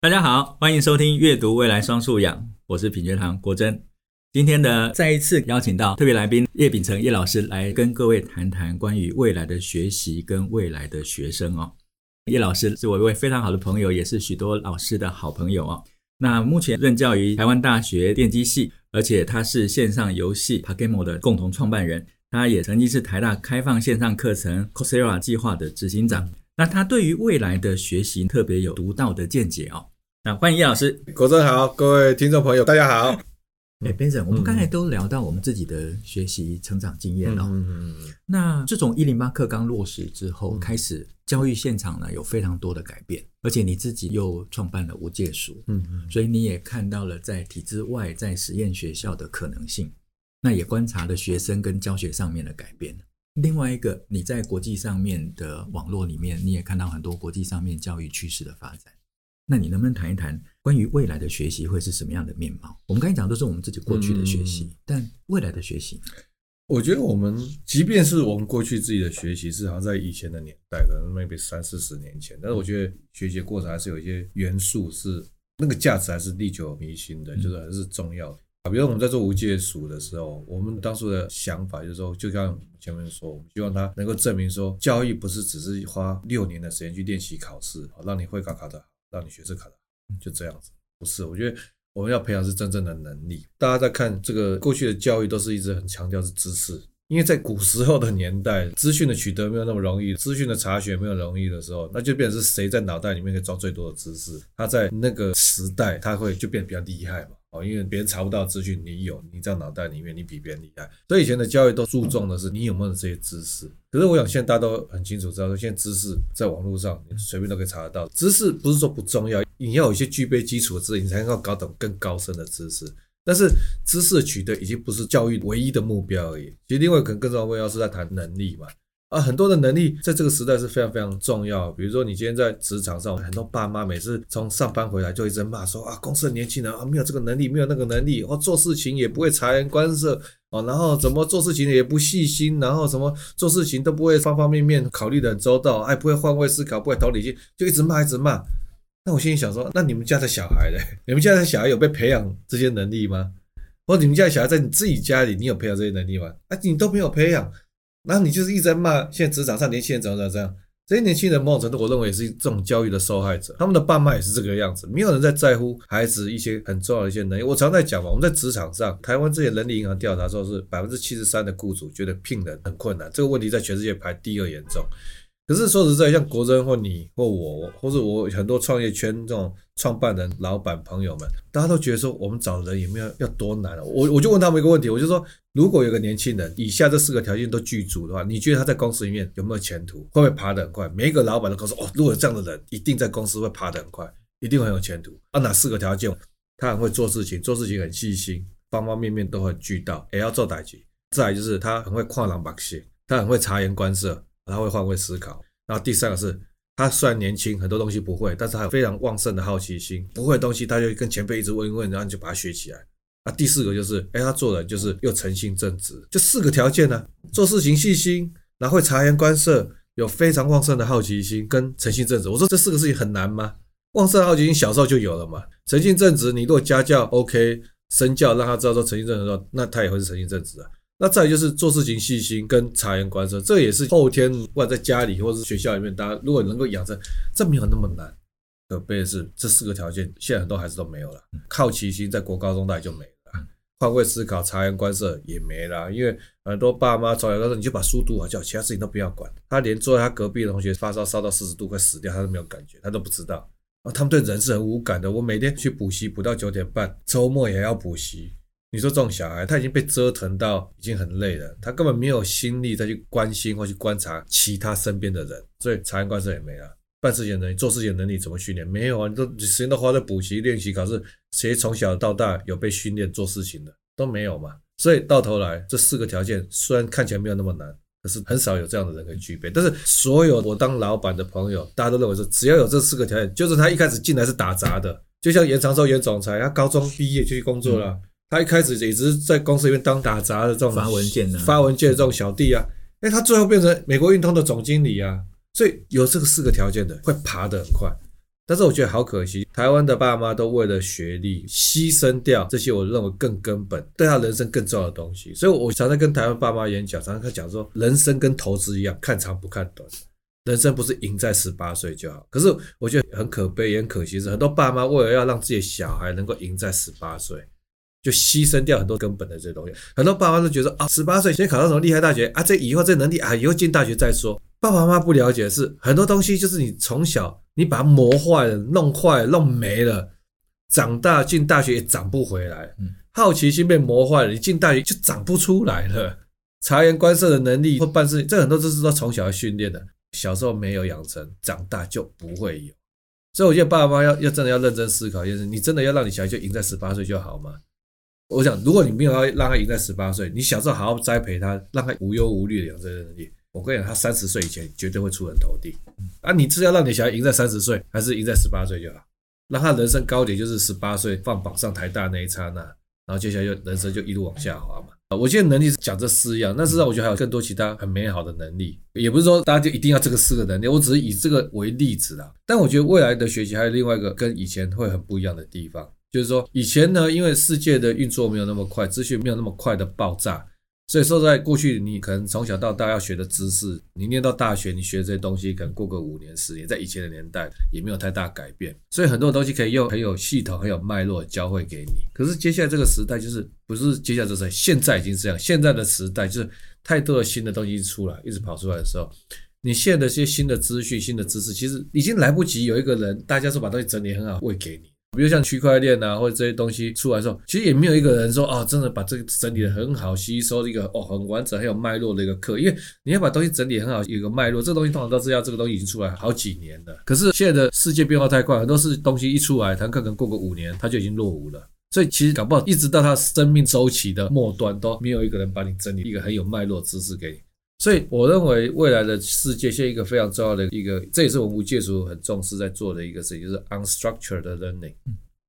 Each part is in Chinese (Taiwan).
大家好，歡迎收聽《閱讀未來雙素養》，我是品學堂國珍。今天呢再一次邀請到特別來賓葉丙成葉老師來跟各位談談關於未來的學習跟未來的學生哦。葉老師是我一位非常好的朋友，也是許多老師的好朋友哦。那目前任教於台灣大學電機系，而且他是線上遊戲 PaGamO 的共同創辦人，他也曾經是台大開放線上課程 Coursera 計劃的執行長。那他對於未來的學習特別有獨到的見解哦。那、啊、歡迎葉老師，國珍好，各位聽眾朋友，大家好。哎 Benson 我們剛才都聊到我們自己的學習成長經驗哦。嗯嗯嗯嗯嗯、那自從一零八課剛落實之後，嗯、開始教育現場呢有非常多的改變，而且你自己又創辦了無界塾，嗯嗯，所以你也看到了在體制外在實驗學校的可能性。那也觀察了學生跟教學上面的改變。另外一個，你在國際上面的網絡裡面，你也看到很多國際上面教育趨勢的發展。那你能不能談一談關於未來的學習會是什麼樣的面貌？我們剛才講都是我們自己過去的學習，嗯、但未來的學習呢，我覺得我們即便是我們過去自己的學習，是好像在以前的年代，可能 maybe 三四十年前，但是我覺得學習過程還是有一些元素是那個價值還是歷久彌新的，嗯、就是還是重要的。啊，比如我們在做無界塾的時候，我們當初的想法就是說，就像前面說，我們希望它能夠證明說，教育不是只是花六年的時間去練習考試，好讓你會考考的，讓你學這考的，就這樣子。不是，我覺得我們要培養是真正的能力。大家在看這個過去的教育，都是一直很強調是知識，因為在古時候的年代，資訊的取得沒有那麼容易，資訊的查詢沒有容易的時候，那就變成是誰在腦袋裡面可以裝最多的知識，他在那個時代他會就變得比較厲害嘛。哦，因為別人查不到資訊，你有，你在腦袋裡面，你比別人厲害。所以以前的教育都注重的是你有沒有這些知識。可是我想，現在大家都很清楚知道，現在知識在網絡上你隨便都可以查得到。知識不是說不重要，你要有一些具備基礎的知識，你才能夠搞懂更高深的知識。但是知識的取得已經不是教育唯一的目標而已。其實另外可能更重要的目標是在談能力嘛。啊，很多的能力在這個時代是非常非常重要。比如說，你今天在職場上，很多爸媽每次從上班回來就一直罵說啊，公司的年輕人啊，沒有這個能力，沒有那個能力，或、哦、做事情也不會察言觀色啊、哦，然後怎麼做事情也不細心，然後什麼做事情都不會方方面面考慮得很周到，哎、啊，不會換位思考，不會同理心，就一直罵一直罵。那我心裡想說，那你們家的小孩呢？你們家的小孩有被培養這些能力嗎？或者你們家的小孩在你自己家裡，你有培養這些能力嗎？啊，你都沒有培養。那你就是一直在罵現在職場上年輕人怎麼怎麼這樣？這些年輕人某種程度我認為也是這種教育的受害者，他們的爸媽也是這個樣子，沒有人在在乎孩子一些很重要的一些能力。我常在講嘛，我們在職場上，台灣這些人力銀行調查說，是百分之七十三的雇主覺得聘人很困難，這個問題在全世界排第二嚴重。可是說實在，像國珍或你或我，或者我很多創業圈這種創辦人、老闆朋友們，大家都覺得說，我們找的人有沒有要多難啊？我我就問他們一個問題，我就說，如果有個年輕人，以下這四個條件都具足的話，你覺得他在公司裡面有沒有前途？會不會爬得很快？每一個老闆都告訴我哦，如果有這樣的人，一定在公司會爬得很快，一定很有前途。啊哪四個條件？他很會做事情，做事情很細心，方方面面都很俱到，也要做大局。再來就是他很會跨欄把戲，他很會察言觀色。他會換位思考，然後第三個是，他雖然年輕，很多東西不會，但是他有非常旺盛的好奇心，不會的東西他就跟前輩一直問一問，然後你就把他學起來。啊，第四個就是，哎，他做人就是又誠信正直。這四個條件呢、啊，做事情細心，然後會察言觀色，有非常旺盛的好奇心跟誠信正直。我說這四個事情很難嗎？旺盛的好奇心小時候就有了嘛，誠信正直你如果家教 OK，身教讓他知道說誠信正直的話，那他也會是誠信正直的、啊。那再就是做事情細心跟察言觀色，這個也是後天，不管在家裡或者是學校裡面，大家如果能夠養成，這沒有那麼難。可悲的是，這四個條件，現在很多孩子都沒有了。好奇心在國高中代就沒了，換位思考、察言觀色也沒了，因為很多爸媽從小到大你就把書讀好就好，其他事情都不要管。他連坐在他隔壁的同學發燒燒到四十度快死掉，他都沒有感覺，他都不知道。然後他們對人是很無感的。我每天去補習補到九點半，周末也要補習。你說這種小孩，他已經被折騰到已經很累了，他根本沒有心力再去關心或去觀察其他身邊的人，所以察言觀色也沒了。啊，辦事情能力，做事情能力怎麼訓練？沒有啊！你都你時間都花在補習、練習、考試。誰從小到大有被訓練做事情的都沒有嘛？所以到頭來，這四個條件雖然看起來沒有那麼難，可是很少有這樣的人可以具備。但是所有我當老板的朋友，大家都認為說，只要有這四個條件，就是他一開始進來是打雜的，嗯、就像嚴長壽、嚴總裁，他高中畢業就去工作了。嗯他一開始也只是在公司裡面當打雜的這種發文件的發文件的這種小弟啊，哎、欸，他最後變成美國運通的總經理啊，所以有這個四個條件的會爬得很快。但是我覺得好可惜，台灣的爸媽都為了學歷犧牲掉這些我認為更根本對他人生更重要的東西。所以，我常常跟台灣爸媽演講，常常講說，人生跟投資一樣，看長不看短。人生不是贏在十八歲就好。可是我覺得很可悲也很可惜是，是很多爸媽為了要讓自己的小孩能夠贏在十八歲。就犧牲掉很多根本的這些東西，很多爸爸媽都覺得啊，十八歲先考到什麼厲害大學啊，這以後這能力啊，以後進大學再說。爸爸媽媽不了解的是，很多東西就是你從小你把它磨壞了、弄壞、弄沒了，長大進大學也長不回來。嗯，好奇心被磨壞了，你進大學就長不出來了。察言觀色的能力或辦事，這很多都是說從小要訓練的，小時候沒有養成，長大就不會有。所以我覺得爸爸媽媽要要真的要認真思考一件事，你真的要讓你小孩就贏在十八歲就好嗎？我想，如果你沒有要讓他贏在十八歲，你小時候好好栽培他，讓他無憂無慮的養這些能力。我跟你講，他三十歲以前絕對會出人頭地啊！你是要讓你小孩贏在三十歲，還是贏在十八歲就好？讓他人生高點就是十八歲放榜上台大那一剎那，然後接下來就人生就一路往下滑嘛。啊，我現在能力是講這四樣，那實際上我覺得還有更多其他很美好的能力，也不是說大家就一定要這個四個能力，我只是以這個為例子啦。但我覺得未來的學習還有另外一個跟以前會很不一樣的地方。就是說，以前呢，因為世界的運作沒有那麼快，資訊沒有那麼快的爆炸，所以說在過去，你可能從小到大要學的知識，你念到大學，你學這些東西，可能過個五年十年，在以前的年代也沒有太大改變。所以很多東西可以用很有系統、很有脈絡教會給你。可是接下來這個時代就是不是接下來這時代，現在已經這樣，現在的時代就是太多的新的東西出來，一直跑出來的時候，你現在的一些新的資訊、新的知識，其實已經來不及有一個人大家說把東西整理很好餵給你。比如像區塊鏈吶、啊，或者這些東西出來之後，其實也沒有一個人說啊、哦，真的把這個整理的很好，吸收一個哦，很完整、很有脈絡的一個課。因為你要把東西整理很好，有一個脈絡，這個東西通常都是要這個東西已經出來好幾年了。可是現在的世界變化太快，很多是東西一出來，它可,可能過個五年，它就已經落伍了。所以其實搞不好，一直到它生命周期的末端，都沒有一個人幫你整理一個很有脈絡的知識給你。所以，我認為未來的世界是一個非常重要的一個，這也是我們無界塾很重視在做的一個事情，就是 unstructured learning。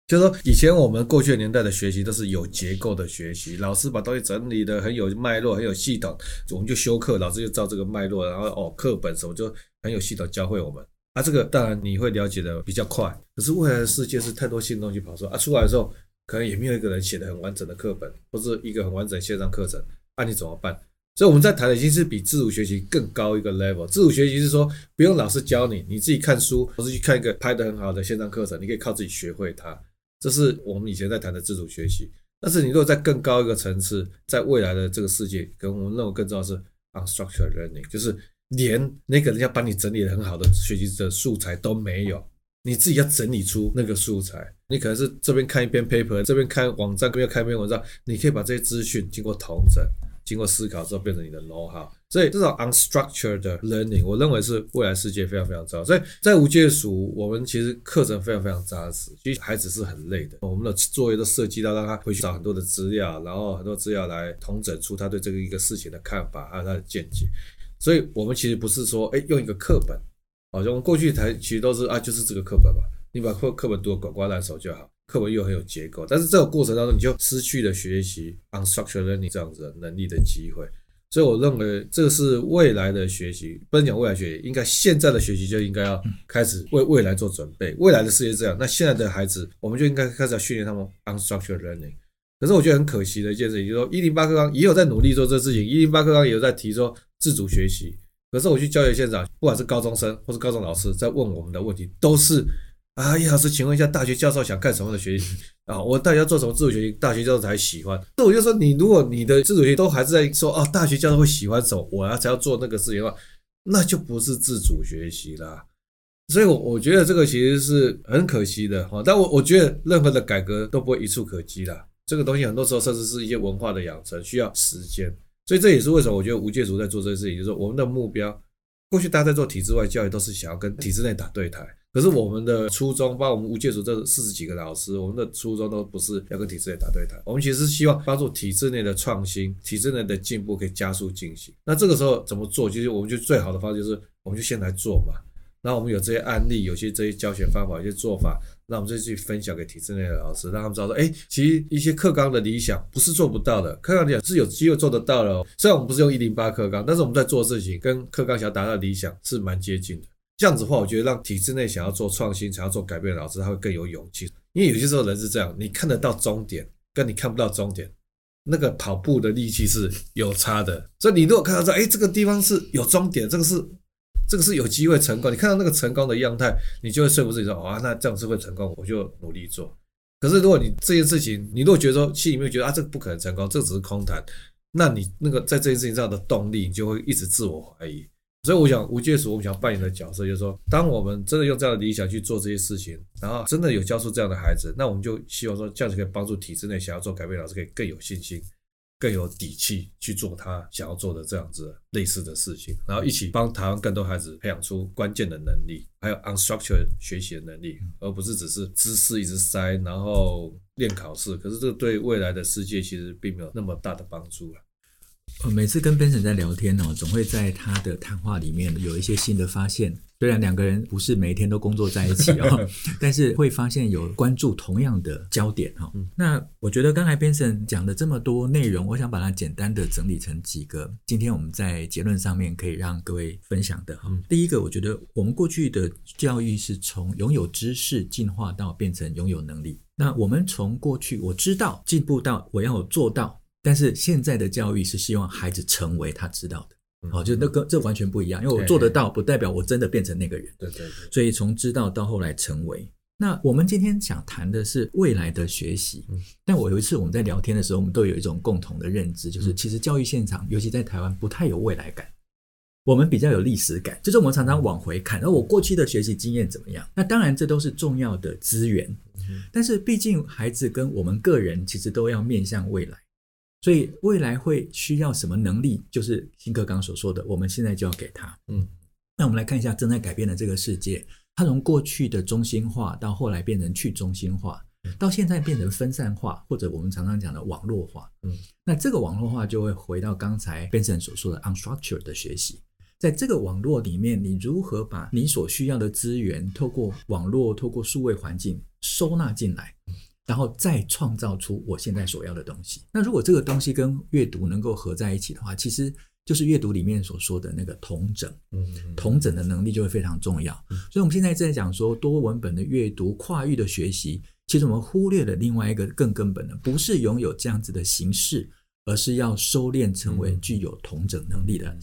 就是說，以前我們過去年代的學習都是有結構的學習，老師把東西整理的很有脈絡、很有系統，我們就修課，老師就照這個脈絡，然後哦，課本什麼就很有系統教會我們啊。這個當然你會了解的比較快，可是未來的世界是太多新東西跑出來啊，出來的時候可能也沒有一個人寫的很完整的課本，或者一個很完整線上課程，啊，那你怎麼辦？所以我們在談的已經是比自主學習更高一個 level。自主學習是說不用老師教你，你自己看書，或是去看一個拍得很好的線上課程，你可以靠自己學會它。這是我們以前在談的自主學習。但是你如果在更高一個層次，在未來的這個世界，可能我們認為更重要的是 unstructured learning，就是連那個人家幫你整理的很好的學習的素材都沒有，你自己要整理出那個素材。你可能是這邊看一篇 paper，這邊看網站，這邊看一篇文章，你可以把這些資訊經過統整。經過思考之後變成你的 know how，所以這種 unstructured learning，我認為是未來世界非常非常重要。所以在無界塾，我們其實課程非常非常扎實，其實孩子是很累的。我們的作業都涉及到讓他回去找很多的資料，然後很多資料來統整出他對這個一個事情的看法啊，他的見解。所以我們其實不是說，哎，用一個課本，好像我們過去才其實都是啊，就是這個課本吧，你把課課本讀個滾瓜爛熟就好。課文又很有結構，但是這個過程當中你就失去了學習 unstructured learning 這樣子的能力的機會，所以我認為這是未來的學習，不能講未來學習，應該現在的學習就應該要開始為未來做準備，未來的世界這樣，那現在的孩子我們就應該開始要訓練他們 unstructured learning。可是我覺得很可惜的一件事情，就是說一零八課綱也有在努力做這事情，一零八課綱也有在提說自主學習，可是我去教學現場，不管是高中生或是高中老師在問我們的問題都是。啊，葉老師請問一下，大學教授，想幹什麼的學習啊？我到底要做什麼自主學習，大學教授才喜歡？那我就說，你如果你的自主學習都還是在說啊，大學教授會喜歡什麼，我才要做那個事情的話，那就不是自主學習啦。所以我，我我覺得這個其實是很可惜的哈。但我我覺得任何的改革都不會一觸可及啦，這個東西很多時候甚至是一些文化的養成需要時間。所以這也是為什麼我覺得無界塾在做這個事情，就是說我們的目標，過去大家在做體制外教育都是想要跟體制內打對台。可是我們的初衷，包括我們無界塾這四十幾個老師，我們的初衷都不是要跟體制內打對台，我們其實是希望幫助體制內的創新、體制內的進步可以加速進行。那這個時候怎麼做？其實我們就最好的方法就是，我們就先來做嘛。那我們有這些案例，有些這些教學方法、有些做法，那我們再去分享給體制內的老師，讓他們知道說，哎、欸，其實一些課綱的理想不是做不到的，課綱理想是有機會做得到的哦。雖然我們不是用一零八課綱，但是我們在做的事情跟課綱想達到的理想是蠻接近的。這樣子的話，我覺得讓體制內想要做創新、想要做改變的老師，他會更有勇氣。因為有些時候人是這樣，你看得到終點，跟你看不到終點，那個跑步的力氣是有差的。所以你如果看到說，欸，這個地方是有終點，這個是這個是有機會成功，你看到那個成功的樣態，你就會說服自己說，哇，那這樣子會成功，我就努力做。可是如果你這件事情，你如果覺得說，心裡面覺得啊，這個不可能成功，這只是空談，那你那個在這件事情上的動力，你就會一直自我懷疑。所以我想，無界塾我們想扮演的角色，就是說，當我們真的用這樣的理想去做這些事情，然後真的有教出這樣的孩子，那我們就希望說，這樣子可以幫助體制內想要做改變的老師，可以更有信心、更有底氣去做他想要做的這樣子類似的事情，然後一起幫台灣更多孩子培養出關鍵的能力，還有 unstructured 學習的能力，而不是只是知識一直塞，然後練考試。可是這個對未來的世界其實並沒有那麼大的幫助啊。呃，每次跟 Benson 在聊天呢，哦，總會在他的談話裡面有一些新的發現。雖然兩個人不是每一天都工作在一起哦， 但是會發現有關注同樣的焦點哈，哦。嗯，那我覺得剛才 Benson 講的這麼多內容，我想把它簡單的整理成幾個，今天我們在結論上面可以讓各位分享的哈。嗯，第一個，我覺得我們過去的教育是從擁有知識進化到變成擁有能力。嗯，那我們從過去我知道進步到我要做到。但是現在的教育是希望孩子成為他知道的，好，就那個，這完全不一樣。因為我做得到，不代表我真的變成那個人。對對。所以從知道到後來成為，那我們今天想談的是未來的學習。但我有一次我們在聊天的時候，我們都有一種共同的認知，就是其實教育現場，尤其在台灣不太有未來感，我們比較有歷史感，就是我們常常往回看。那我過去的學習經驗怎麼樣？那當然這都是重要的資源，但是畢竟孩子跟我們個人其實都要面向未來。所以未來會需要什麼能力，就是新課綱所說的，我們現在就要給他。嗯，那我們來看一下正在改變的這個世界。它從過去的中心化，到後來變成去中心化，到現在變成分散化，或者我們常常講的網絡化。嗯，那這個網絡化就會回到剛才 Benson 所說的 unstructured 的學習。在這個網絡裡面，你如何把你所需要的資源，透過網絡，透過數位環境收納進來？然後再創造出我現在所要的東西。那如果這個東西跟閱讀能夠合在一起的話，其實就是閱讀裡面所說的那個統整。嗯，統整的能力就會非常重要。所以我們現在在講說多文本的閱讀、跨域的學習，其實我們忽略了另外一個更根本的，不是擁有這樣子的形式，而是要收斂成為具有統整能力的。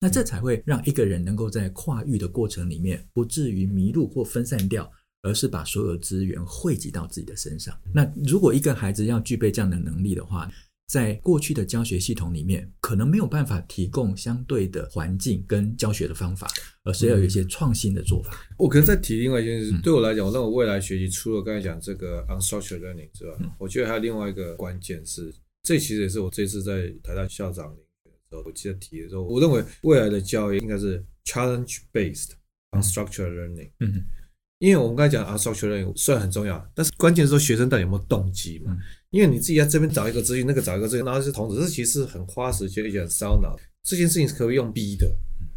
那這才會讓一個人能夠在跨域的過程裡面不至於迷路或分散掉。而是把所有資源匯集到自己的身上。那如果一個孩子要具備這樣的能力的話，在過去的教學系統裡面，可能沒有辦法提供相對的環境跟教學的方法，而是要有一些創新的做法。嗯、我可能再提另外一件事，對我來講，我認為未來學習除了剛才講這個 unstructured learning，是吧？嗯、我覺得還有另外一個關鍵是，這其實也是我這次在台大校長的時候，我記得提的時候，我認為未來的教育應該是 challenge-based、嗯、unstructured learning、嗯。因為我們剛才講啊，unstructured learning 雖然很重要，但是關鍵是說學生到底有沒有動機嘛？因為你自己在這邊找一個資源，那個找一個資源，拿一些童子，這其實是很花時，而也很燒腦。這件事情是可，可以用逼的，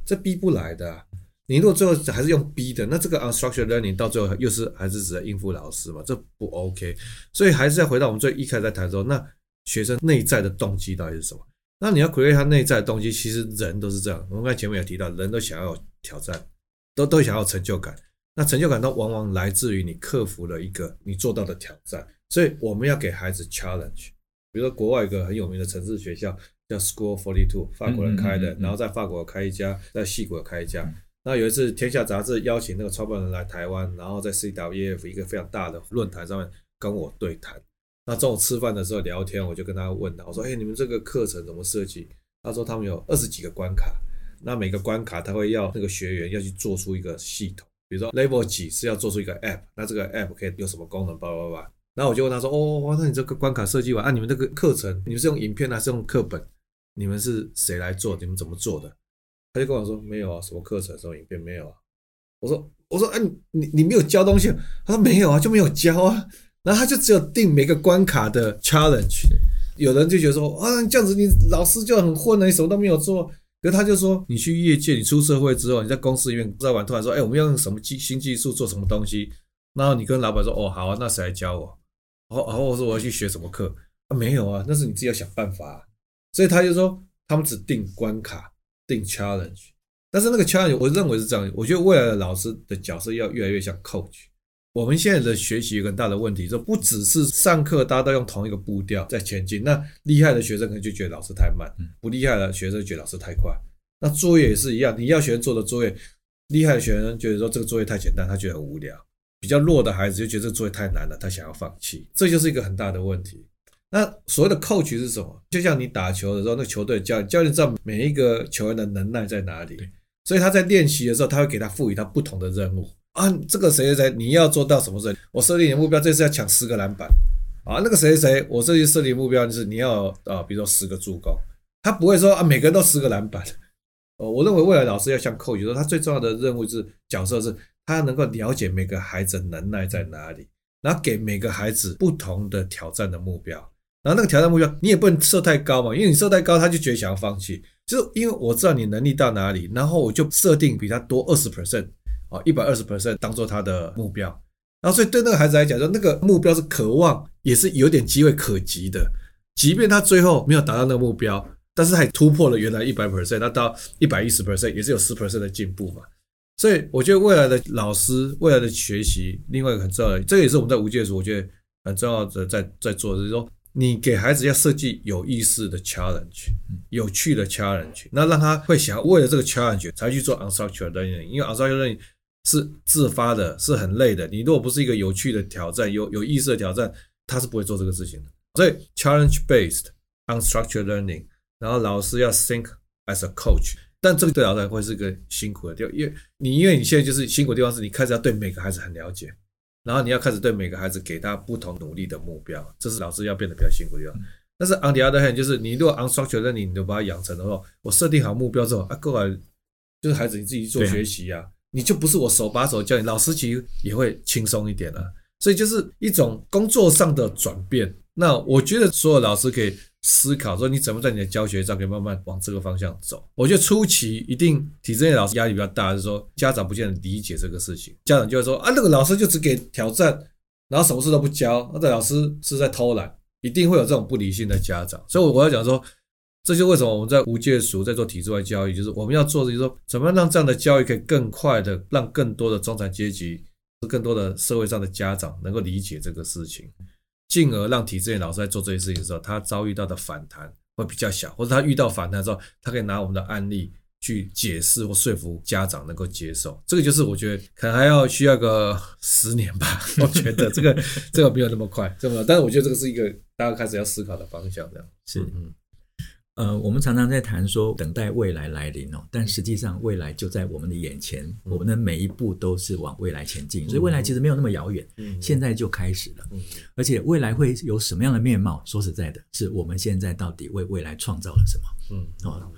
這逼不來的、啊。你如果最後還是用逼的，那這個 unstructured learning 到最後又是還是只能應付老師嘛？這不 OK。所以還是要回到我們最一開始在談的時候，那學生內在的動機到底是什麼？那你要 create 他內在的動機，其實人都是這樣。我們剛才前面也提到，人都想要有挑戰，都都想要有成就感。那成就感它往往來自於你克服了一個你做到的挑戰，所以我們要給孩子 challenge。比如說國外一個很有名的城市學校叫 School Forty Two，法國人開的，然後在法國開一家，在矽谷開一家。那有一次《天下》雜誌邀請那個創辦人來台灣，然後在 CWF 一個非常大的論壇上面跟我對談。那中午吃飯的時候聊天，我就跟他問他，我說：“哎，hey，你們這個課程怎麼設計？”他說：“他們有二十幾個關卡，那每個關卡他會要那個學員要去做出一個系統。”比如說 level 幾是要做出一個 app，那這個 app 可以有什麼功能，叭叭叭。然後我就問他說，哦，那你這個關卡設計完，啊，你們這個課程，你們是用影片還是用課本？你們是誰來做？你們怎麼做的？他就跟我說，沒有啊，什麼課程，什麼影片，沒有啊。我說，我說，哎、啊，你你沒有教東西。他說，沒有啊，就沒有教啊。然後他就只有定每個關卡的 challenge。有人就覺得說，啊，這樣子你老師就很混了、欸，你什麼都沒有做。所以他就說，你去業界，你出社會之後，你在公司裡面知道玩，突然說，哎、欸，我們要用什麼技新技術做什麼東西？然後你跟老板說，哦，好啊，那誰來教我？然後然後我說我要去學什麼課啊？沒有啊，那是你自己要想辦法、啊。所以他就說，他們只定關卡，定 challenge。但是那個 challenge，我認為是這樣，我覺得未來的老師的角色要越來越像 coach。我們現在的學習有個很大的問題，就不只是上課，大家都用同一個步調在前進。那厲害的學生可能就覺得老師太慢，不厲害的學生就覺得老師太快。那作業也是一樣，你要學生做的作業，厲害的學生覺得說這個作業太簡單，他覺得很無聊；比較弱的孩子就覺得這個作業太難了，他想要放棄。這就是一個很大的問題。那所謂的 coach 是什麼？就像你打球的時候，那球隊教練教練知道每一個球員的能耐在哪裡，對所以他在練習的時候，他會給他賦予他不同的任務。啊，這個誰誰誰，你要做到什麼事？我設定你的目標，這次要搶十個籃板啊。那個誰誰，我這次設定的目標就是你要啊、呃，比如說十個助攻。他不會說啊，每個人都十個籃板哦。我認為未來老師要像 Coach，他最重要的任務是角色是，他能夠了解每個孩子能耐在哪裡，然後給每個孩子不同的挑戰的目標。然後那個挑戰目標，你也不能設太高嘛，因為你設太高，他就覺得想要放棄。就是因為我知道你能力到哪裡，然後我就設定比他多二十%啊，一百二十 percent 當作他的目標，然後所以對那個孩子來講，說那個目標是渴望，也是有點機會可及的。即便他最後沒有達到那個目標，但是還突破了原來一百 percent，那到一百一十 percent 也是有十 percent 的進步嘛。所以我覺得未來的老師，未來的學習，另外一個很重要的，這個也是我們在無界塾，我覺得很重要的，在在做的，就是說你給孩子要設計有意思的 challenge，有趣的 challenge，那讓他會想要為了這個 challenge 才去做 unstructured learning，因為 unstructured learning 是自發的，是很累的。你如果不是一個有趣的挑戰，有有意識的挑戰，他是不會做這個事情的。所以，challenge-based unstructured learning，然後老師要 think as a coach，但這個對老師會是一個辛苦的地方，因為你因為你現在就是辛苦的地方是你開始要對每個孩子很了解，然後你要開始對每個孩子給他不同努力的目標，這是老師要變得比較辛苦的地方。但是 on the other hand 就是你如果 unstructured learning 你就把它養成的話，我設定好目標之後啊，各位就是孩子你自己去做學習呀、啊。你就不是我手把手教你，老師其實也會輕鬆一點啊。所以就是一種工作上的轉變。那我覺得所有老師可以思考說，你怎麼在你的教學上可以慢慢往這個方向走？我覺得初期一定體制內老師壓力比較大，就是說家長不見得理解這個事情，家長就會說啊，那個老師就只給挑戰，然後什麼事都不教，那個老師是在偷懶，一定會有這種不理性的家長。所以我要講說。這就是為什麼我們在無界塾在做體制外教育，就是我們要做的就是說，怎麼樣讓這樣的教育可以更快的讓更多的中產階級，更多的社會上的家長能夠理解這個事情，進而讓體制內老師在做這些事情的時候，他遭遇到的反彈會比較小，或者他遇到反彈之後，他可以拿我們的案例去解釋或說服家長能夠接受。這個就是我覺得可能還要需要個十年吧，我覺得這個 這個沒有那麼快，這麼但是我覺得這個是一個大家開始要思考的方向，這樣是嗯，嗯。呃，我們常常在談說等待未來來臨哦，但實際上未來就在我們的眼前，嗯、我們的每一步都是往未來前進，嗯、所以未來其實沒有那麼遙遠，嗯、現在就開始了。嗯、而且未來會有什麼樣的面貌？說實在的，是我們現在到底為未來創造了什麼？嗯，哦，嗯、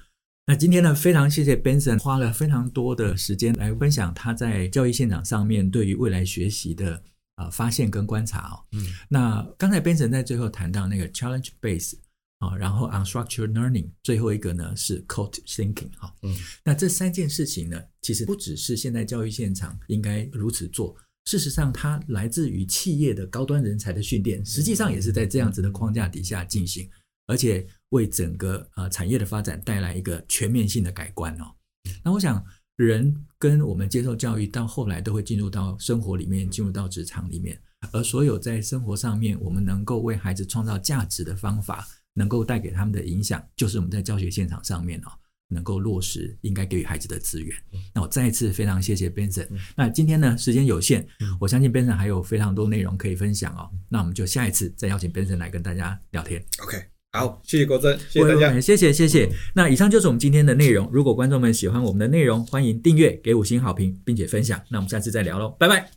那今天呢，非常謝謝 Benson 花了非常多的時間來分享他在教育現場上面對於未來學習的啊、呃、發現跟觀察哦。嗯，那剛才 Benson 在最後談到那個 Challenge Base。啊，然後 unstructured learning，最後一個呢是 code thinking。哈，嗯，那這三件事情呢，其實不只是現在教育現場應該如此做，事實上它來自於企業的高端人才的訓練，實際上也是在這樣子的框架底下進行，而且為整個呃產業的發展帶來一個全面性的改觀哦。那我想，人跟我們接受教育到後來都會進入到生活裡面，進入到職場裡面，而所有在生活上面我們能夠為孩子創造價值的方法，能夠帶給他們的影響，就是我們在教學現場上面哦，能夠落實應該給予孩子的資源。那我再一次非常謝謝 Benson。那今天呢，時間有限，我相信 Benson 還有非常多內容可以分享哦。那我們就下一次再邀請 Benson 來跟大家聊天。OK，好，謝謝國珍，謝謝大家，謝謝謝謝。那以上就是我們今天的內容。如果觀眾們喜歡我們的內容，歡迎訂閱、給五星好評，並且分享。那我們下次再聊嘍，拜拜。